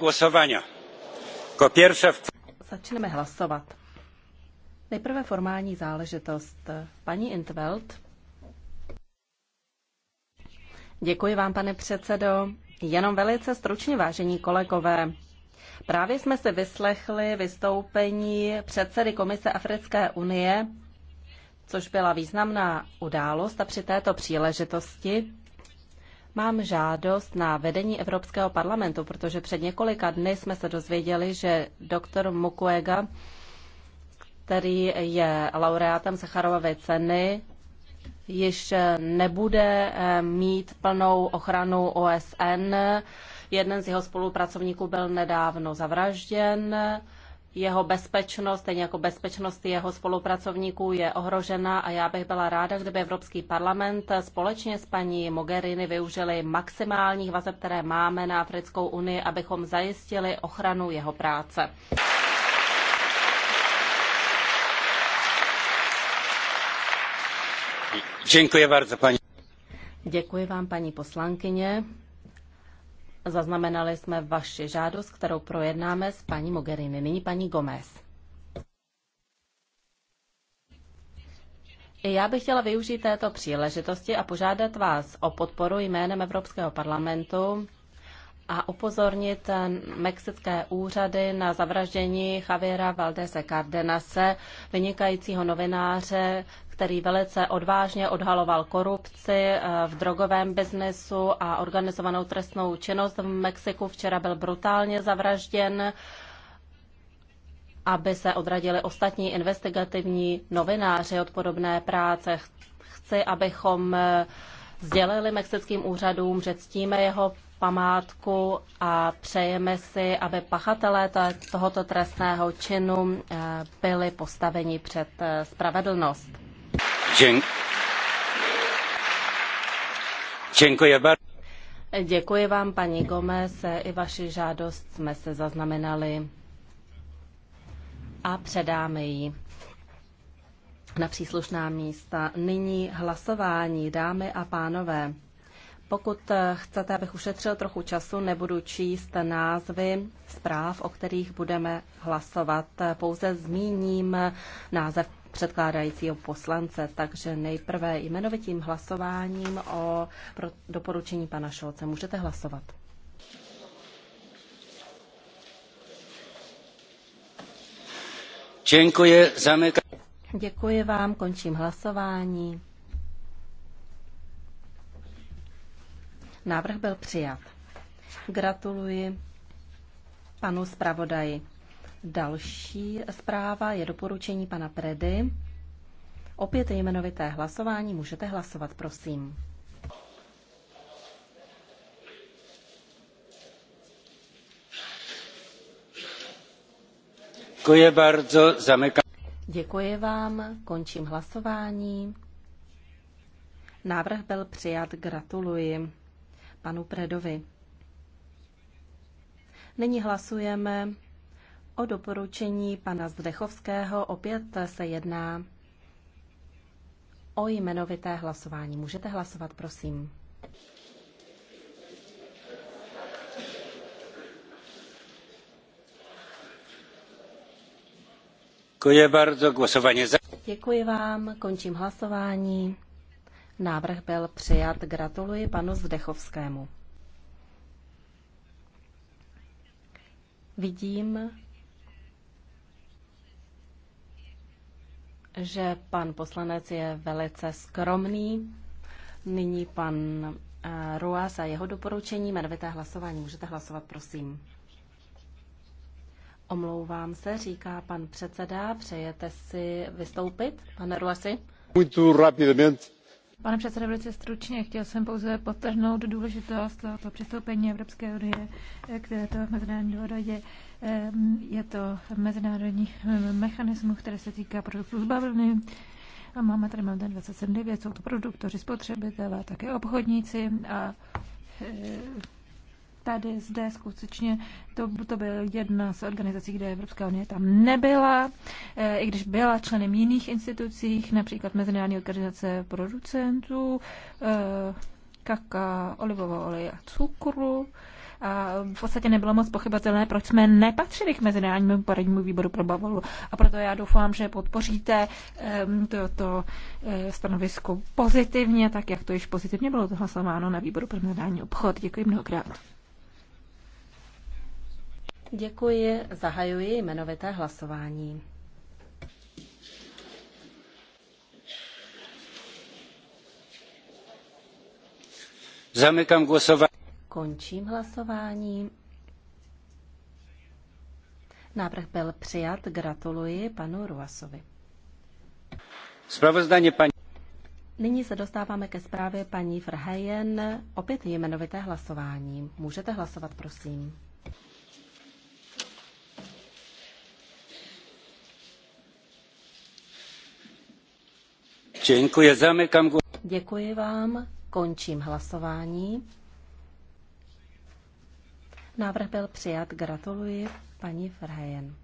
hlasování. Jako Začneme hlasovat. Nejprve formální záležitost. Paní Intveld. Děkuji vám, pane předsedo. Jenom velice stručně, vážení kolegové. Právě jsme si vyslechli vystoupení předsedy Komise Africké unie, což byla významná událost a při této příležitosti Mám žádost na vedení Evropského parlamentu, protože před několika dny jsme se dozvěděli, že doktor Mukwega, který je laureátem Sacharovovy ceny, již nebude eh, mít plnou ochranu OSN. Jeden z jeho spolupracovníků byl nedávno zavražděn jeho bezpečnost, stejně jako bezpečnost jeho spolupracovníků je ohrožena a já bych byla ráda, kdyby Evropský parlament společně s paní Mogherini využili maximálních vazeb, které máme na Africkou unii, abychom zajistili ochranu jeho práce. Děkuji, bardzo, paní. Děkuji vám, paní poslankyně. Zaznamenali jsme vaši žádost, kterou projednáme s paní Mogherini. Nyní paní Gomez. Já bych chtěla využít této příležitosti a požádat vás o podporu jménem Evropského parlamentu a upozornit mexické úřady na zavraždění Javiera Valdese Cardenase, vynikajícího novináře, který velice odvážně odhaloval korupci eh, v drogovém biznesu a organizovanou trestnou činnost v Mexiku. Včera byl brutálně zavražděn, aby se odradili ostatní investigativní novináři od podobné práce. Chci, abychom eh, sdělili mexickým úřadům, že ctíme jeho památku a přejeme si, aby pachatelé tohoto trestného činu eh, byli postaveni před spravedlnost. Děkuji. vám, paní Gomez. I vaši žádost jsme se zaznamenali a předáme ji na příslušná místa. Nyní hlasování, dámy a pánové. Pokud chcete, abych ušetřil trochu času, nebudu číst názvy zpráv, o kterých budeme hlasovat. Pouze zmíním název předkládajícího poslance. Takže nejprve jmenovitým hlasováním o doporučení pana Šolce. Můžete hlasovat. Děkuji, zamyka... Děkuji vám, končím hlasování. Návrh byl přijat. Gratuluji panu zpravodaji. Další zpráva je doporučení pana Predy. Opět jmenovité hlasování. Můžete hlasovat, prosím. Děkuji bardzo, zamykám. Děkuji vám, končím hlasování. Návrh byl přijat, gratuluji panu Predovi. Nyní hlasujeme O doporučení pana Zdechovského opět se jedná o jmenovité hlasování. Můžete hlasovat, prosím. Děkuji bardzo, głosowanie za. Děkuji vám, končím hlasování. Návrh byl přijat. Gratuluji panu Zdechovskému. Vidím, že pan poslanec je velice skromný. Nyní pan eh, Ruas a jeho doporučení jmenovité hlasování. Můžete hlasovat, prosím. Omlouvám se, říká pan předseda. Přejete si vystoupit, pane Ruasi? Muito rapidamente Pane předsedo, velice stručně chtěl jsem pouze potrhnout důležitost tohoto přistoupení Evropské unie k této mezinárodní dohodě. Je to mezinárodní mechanismus, který se týká produktů z bavlny. A máme tady máme 27.9, jsou to produktoři, spotřebitelé, také obchodníci a tady, zde skutečně to, to byl jedna z organizací, kde Evropská unie tam nebyla, e, i když byla členem jiných institucích, například Mezinárodní organizace producentů, e, eh, kaka, olivového oleje a cukru. A v podstatě nebylo moc pochybatelné, proč jsme nepatřili k Mezinárodnímu poradnímu výboru pro Bavolu. A proto já doufám, že podpoříte ehm, toto toto eh, stanovisko pozitivně, tak jak to již pozitivně bylo odhlasováno na výboru pro mezinárodní obchod. Děkuji mnohokrát. Děkuji, zahajuji jmenovité hlasování. Zamykám hlasování. Končím hlasování. Návrh byl přijat. Gratuluji panu Ruasovi. Spravozdání paní. Nyní se dostáváme ke zprávě paní Frhejen. Opět jmenovité hlasování. Můžete hlasovat, prosím. Děkuji, zamykám. Děkuji vám, končím hlasování. Návrh byl přijat, gratuluji paní Frhejen.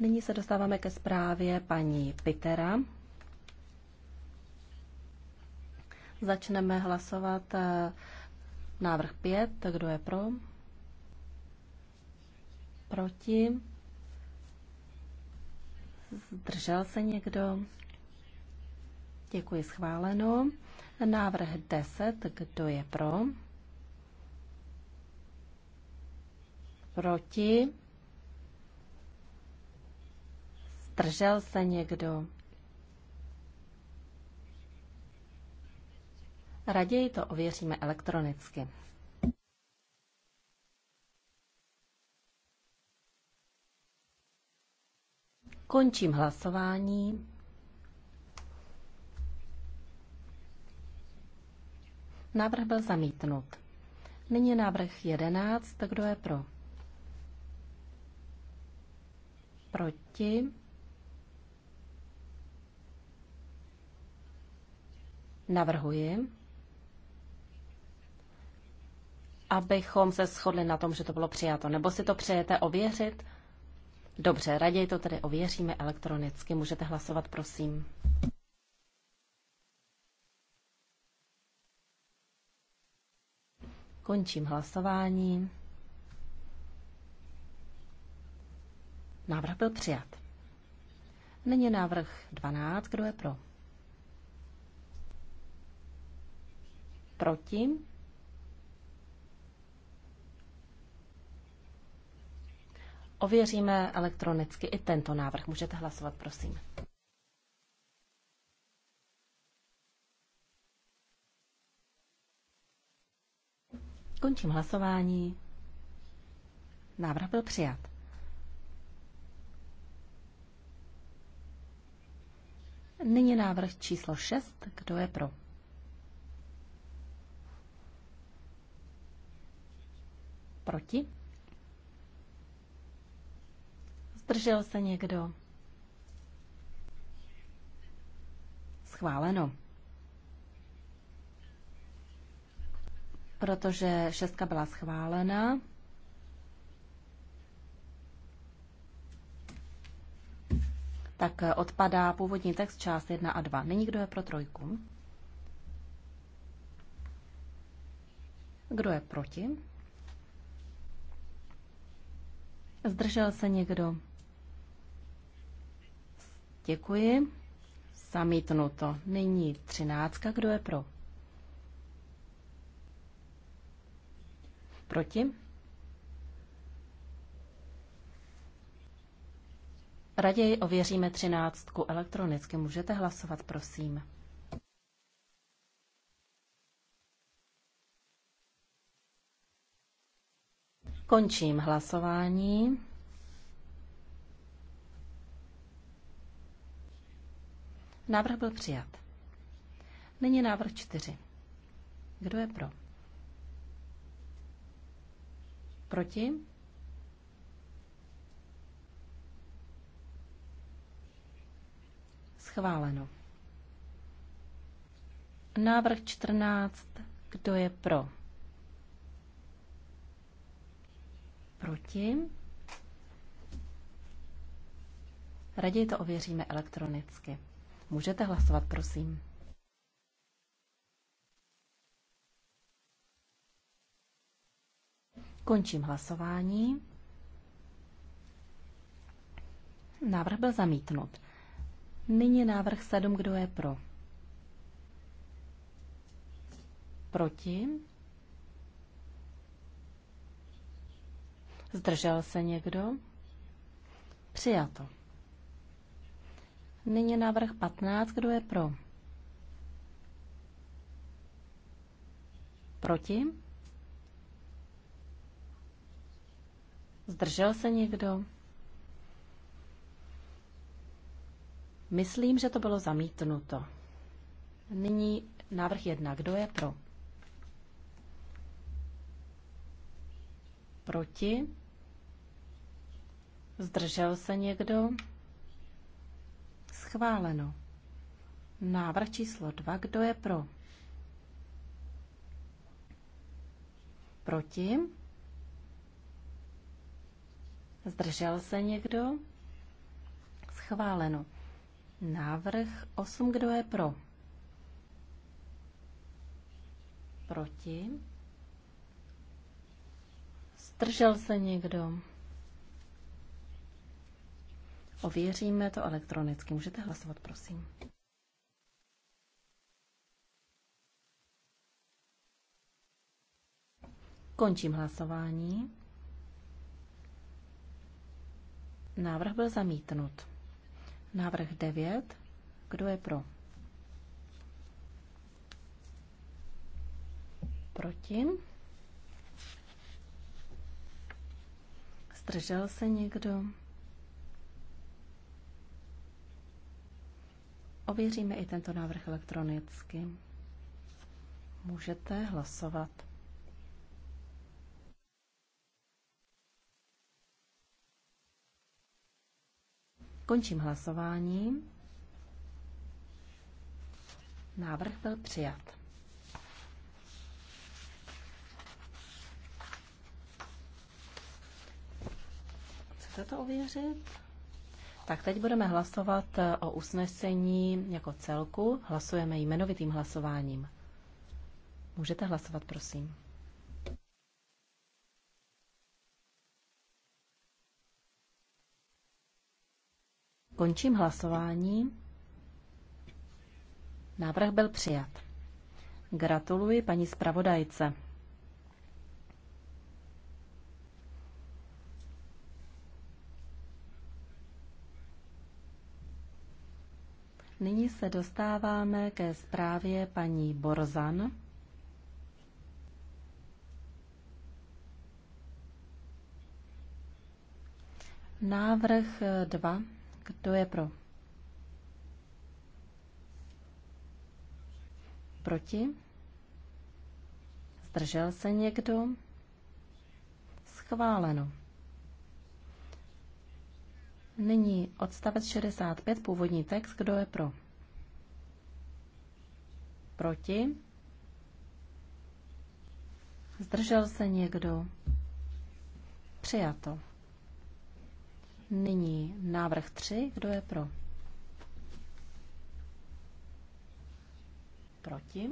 Nyní se dostáváme ke zprávě paní Pitera. Začneme hlasovat eh, návrh 5. Kdo je pro? Proti? Zdržel se někdo? Děkuji, schváleno. Návrh 10, kdo je pro? Proti? Zdržel se někdo? Raději to ověříme elektronicky. Končím hlasování. Návrh byl zamítnut. Nyní návrh 11. Kdo je pro? Proti? Navrhuji, abychom se shodli na tom, že to bylo přijato. Nebo si to přejete ověřit? Dobře, raději to tedy ověříme elektronicky. Můžete hlasovat, prosím. Končím hlasování. Návrh byl přijat. Nyní návrh 12. Kdo je pro? Proti? Ověříme elektronicky i tento návrh. Můžete hlasovat, prosím. Končím hlasování. Návrh byl přijat. Nyní návrh číslo 6. Kdo je pro? Proti? Zdržel se někdo? Schváleno. protože šestka byla schválena. Tak eh, odpadá původní text část 1 a 2. Není kdo je pro trojku? Kdo je proti? Zdržel se někdo? Děkuji. Zamítnuto. Nyní třináctka. Kdo je pro? Proti? Raději ověříme třináctku elektronicky. Můžete hlasovat, prosím. Končím hlasování. Návrh byl přijat. Nyní návrh čtyři. Kdo je pro? Proti? Schváleno. Návrh 14. Kdo je pro? Proti? Raději to ověříme elektronicky. Můžete hlasovat, prosím. Končím hlasování. Návrh byl zamítnut. Nyní návrh 7, kdo je pro? Proti? Zdržel se někdo? Přijato. Nyní návrh 15, kdo je pro? Proti? Zdržel se někdo? Myslím, že to bylo zamítnuto. Nyní návrh jedna. Kdo je pro? Proti? Zdržel se někdo? Schváleno. Návrh číslo dva. Kdo je pro? Proti? Zdržel se někdo? Schváleno. Návrh 8, kdo je pro? Proti? Zdržel se někdo? Ověříme to elektronicky. Můžete hlasovat, prosím. Končím hlasování. Návrh byl zamítnut. Návrh 9. Kdo je pro? Proti? Zdržel se někdo? Ověříme i tento návrh elektronicky. Můžete hlasovat. Končím hlasování. Návrh byl přijat. Chcete to ověřit? Tak teď budeme hlasovat eh, o usnesení jako celku. Hlasujeme jmenovitým hlasováním. Můžete hlasovat, prosím. Končím hlasování. Návrh byl přijat. Gratuluji paní zpravodajce. Nyní se dostáváme ke zprávě paní Borzan. Návrh 2 kdo je pro? Proti? Zdržel se někdo? Schváleno. Nyní odstavec 65, původní text, kdo je pro? Proti? Zdržel se někdo? Přijato. Nyní návrh 3. Kdo je pro? Proti?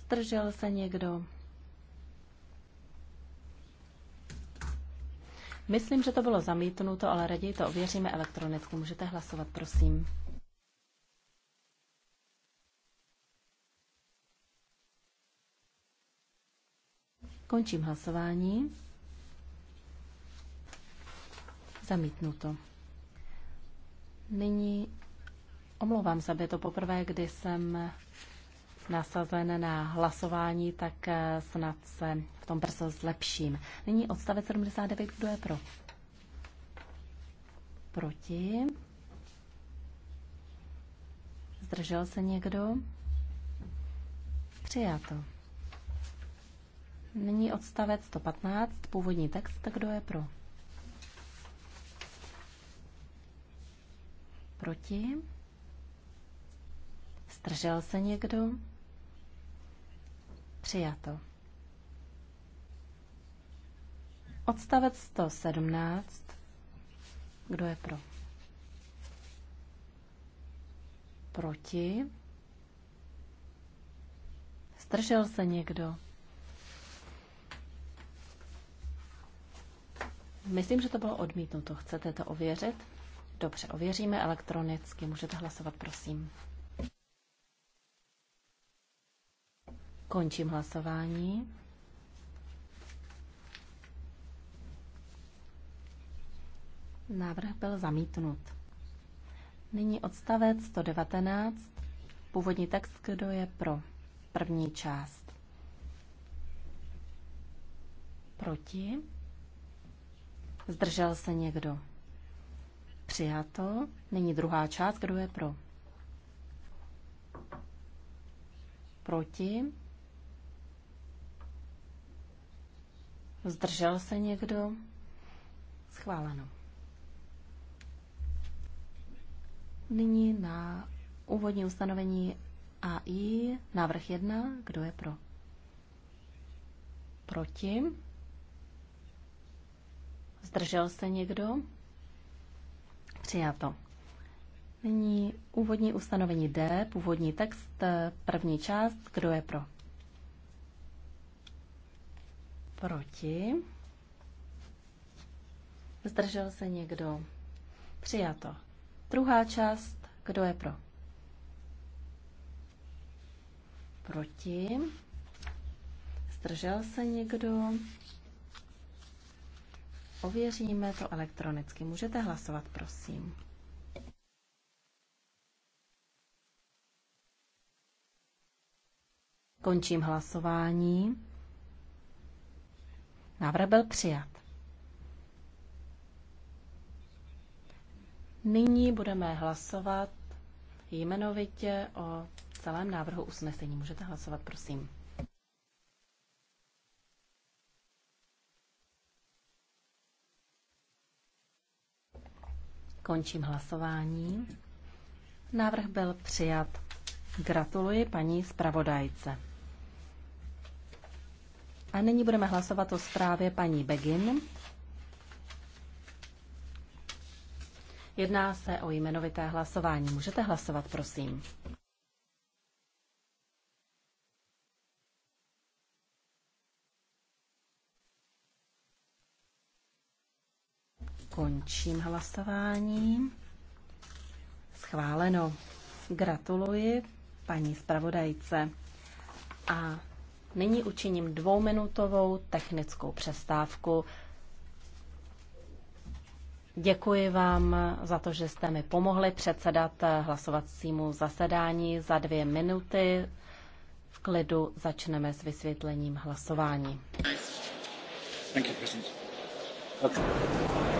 Zdržel se někdo? Myslím, že to bylo zamítnuto, ale raději to ověříme elektronicky. Můžete hlasovat, prosím. Končím hlasování. Zamítnuto. Nyní omlouvám se, to poprvé, kdy jsem nasazen na hlasování, tak eh, snad se v tom brzo zlepším. Nyní odstavec 79, kdo je pro? Proti? Zdržel se někdo? Přijato. Nyní odstavec 115, původní text, kdo je pro? proti? Zdržel se někdo? Přijato. Odstavec 117. Kdo je pro? Proti? Zdržel se někdo? Myslím, že to bylo odmítnuto. Chcete to ověřit? Dobře, ověříme elektronicky. Můžete hlasovat, prosím. Končím hlasování. Návrh byl zamítnut. Nyní odstavec 119. Původní text, kdo je pro první část. Proti. Zdržel se někdo. Přijato. Není druhá část. Kdo je pro? Proti? Zdržel se někdo? Schváleno. Nyní na úvodní ustanovení AI návrh 1. Kdo je pro? Proti? Zdržel se někdo? Přijato. Nyní úvodní ustanovení D, původní text, eh, první část, kdo je pro? Proti. Zdržel se někdo? Přijato. Druhá část, kdo je pro? Proti. Zdržel se někdo? Ověříme to elektronicky. Můžete hlasovat, prosím. Končím hlasování. Návrh byl přijat. Nyní budeme hlasovat jmenovitě o celém návrhu usnesení. Můžete hlasovat, prosím. Končím hlasování. Návrh byl přijat. Gratuluji paní zpravodajce. A nyní budeme hlasovat o zprávě paní Begin. Jedná se o jmenovité hlasování. Můžete hlasovat, prosím. Končím hlasování. Schváleno. Gratuluji paní zpravodajce. A nyní učiním dvouminutovou technickou přestávku. Děkuji vám za to, že jste mi pomohli předsedat hlasovacímu zasedání za dvě minuty. V klidu začneme s vysvětlením hlasování. Thank you,